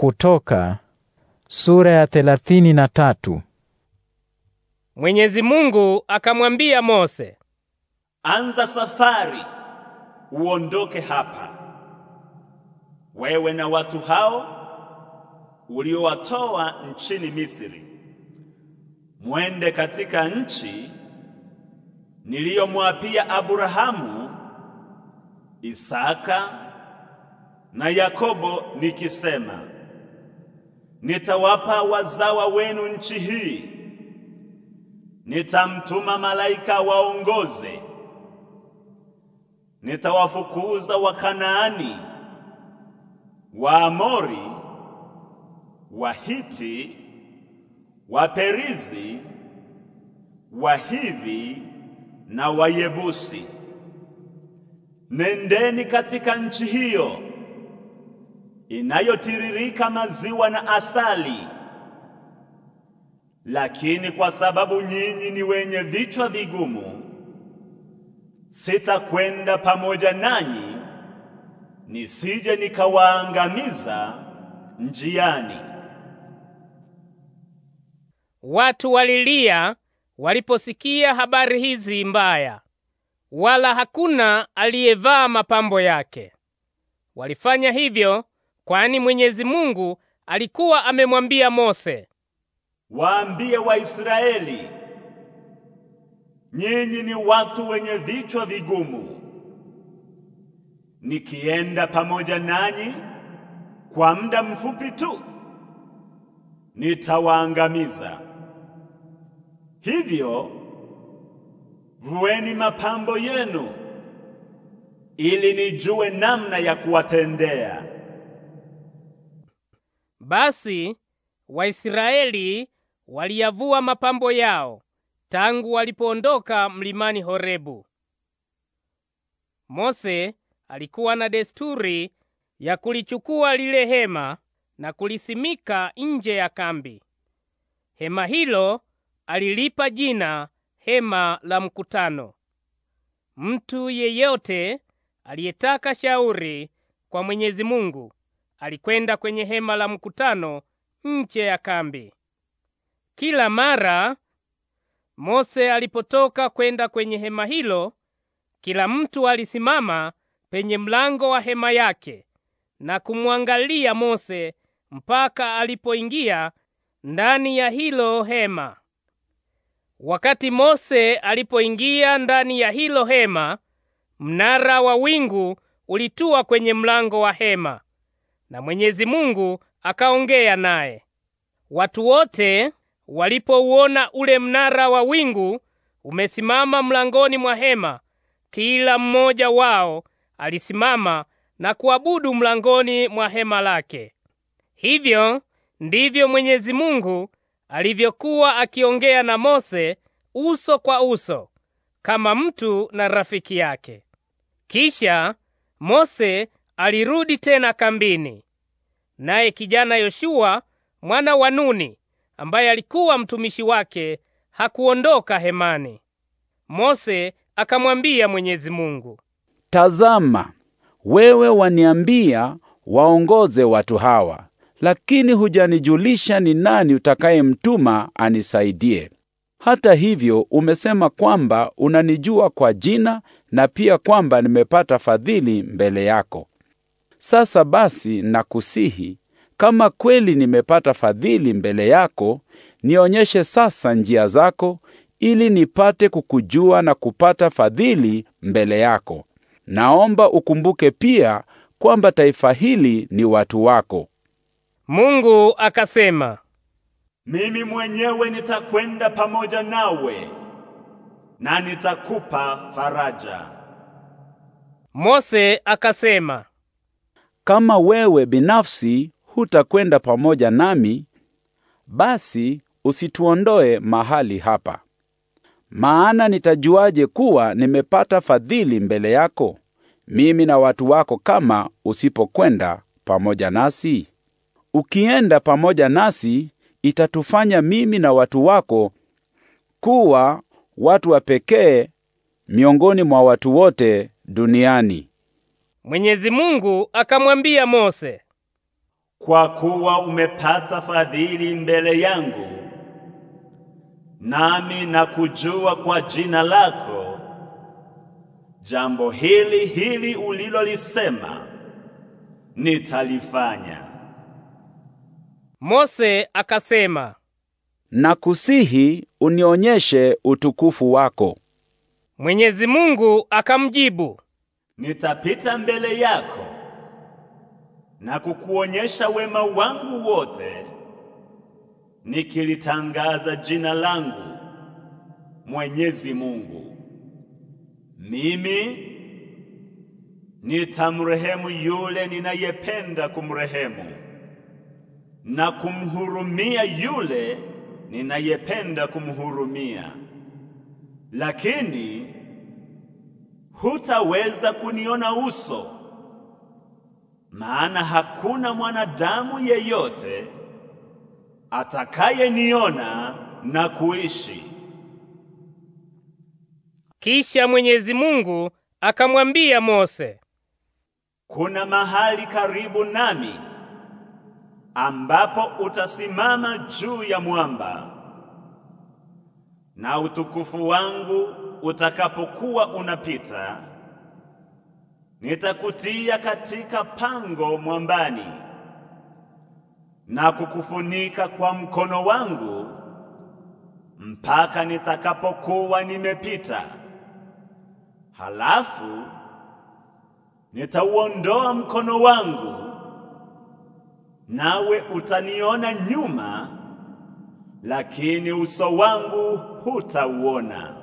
Kutoka sura ya thelathini na tatu. Mwenyezi Mungu akamwambia Mose, anza safari uondoke hapa wewe na watu hao uliowatoa nchini Misri, mwende katika nchi niliyomwapia Aburahamu, Isaka na Yakobo nikisema nitawapa wazawa wenu nchi hii, nitamtuma malaika waongoze, nitawafukuza Wakanaani, Waamori, Wahiti, Waperizi, Wahivi na Wayebusi. Nendeni katika nchi hiyo inayotiririka maziwa na asali. Lakini kwa sababu nyinyi ni wenye vichwa vigumu, sitakwenda pamoja nanyi, nisije nikawaangamiza njiani. Watu walilia waliposikia habari hizi mbaya, wala hakuna aliyevaa mapambo yake. Walifanya hivyo kwani Mwenyezi Mungu alikuwa amemwambia Mose, waambie Waisraeli, nyinyi ni watu wenye vichwa vigumu. Nikienda pamoja nanyi kwa muda mfupi tu nitawaangamiza. Hivyo vueni mapambo yenu ili nijue namna ya kuwatendea. Basi Waisraeli waliyavua mapambo yao tangu walipoondoka mlimani Horebu. Mose alikuwa na desturi ya kulichukua lile hema na kulisimika nje ya kambi. Hema hilo alilipa jina hema la mkutano. Mtu yeyote aliyetaka shauri kwa Mwenyezi Mungu alikwenda kwenye hema la mkutano nje ya kambi. Kila mara Mose alipotoka kwenda kwenye hema hilo, kila mtu alisimama penye mlango wa hema yake na kumwangalia Mose mpaka alipoingia ndani ya hilo hema. Wakati Mose alipoingia ndani ya hilo hema, mnara wa wingu ulitua kwenye mlango wa hema na Mwenyezi Mungu akaongea naye. Watu wote walipouona ule mnara wa wingu umesimama mlangoni mwa hema, kila mmoja wao alisimama na kuabudu mlangoni mwa hema lake. Hivyo ndivyo Mwenyezi Mungu alivyokuwa akiongea na Mose uso kwa uso kama mtu na rafiki yake. Kisha Mose alirudi tena kambini, naye kijana Yoshua mwana wa Nuni ambaye alikuwa mtumishi wake hakuondoka hemani. Mose akamwambia Mwenyezi Mungu, tazama, wewe waniambia waongoze watu hawa, lakini hujanijulisha ni nani utakayemtuma anisaidie. Hata hivyo umesema kwamba unanijua kwa jina na pia kwamba nimepata fadhili mbele yako. Sasa basi nakusihi, kama kweli nimepata fadhili mbele yako, nionyeshe sasa njia zako, ili nipate kukujua na kupata fadhili mbele yako. Naomba ukumbuke pia kwamba taifa hili ni watu wako. Mungu akasema, mimi mwenyewe nitakwenda pamoja nawe na nitakupa faraja. Mose akasema, kama wewe binafsi hutakwenda pamoja nami, basi usituondoe mahali hapa. Maana nitajuaje kuwa nimepata fadhili mbele yako, mimi na watu wako, kama usipokwenda pamoja nasi? Ukienda pamoja nasi, itatufanya mimi na watu wako kuwa watu wa pekee miongoni mwa watu wote duniani. Mwenyezi Mungu akamwambia Mose, kwa kuwa umepata fadhili mbele yangu, nami nakujua kwa jina lako, jambo hili hili ulilolisema nitalifanya. Mose akasema, nakusihi unionyeshe utukufu wako. Mwenyezi Mungu akamjibu, nitapita mbele yako na kukuonyesha wema wangu wote, nikilitangaza jina langu Mwenyezi Mungu. Mimi nitamrehemu yule ninayependa kumrehemu na kumhurumia yule ninayependa kumhurumia. Lakini hutaweza kuniona uso, maana hakuna mwanadamu yeyote atakayeniona na kuishi. Kisha Mwenyezi Mungu akamwambia Mose, kuna mahali karibu nami ambapo utasimama juu ya mwamba na utukufu wangu utakapokuwa unapita nitakutia katika pango mwambani na kukufunika kwa mkono wangu mpaka nitakapokuwa nimepita. Halafu nitauondoa mkono wangu, nawe utaniona nyuma, lakini uso wangu hutauona.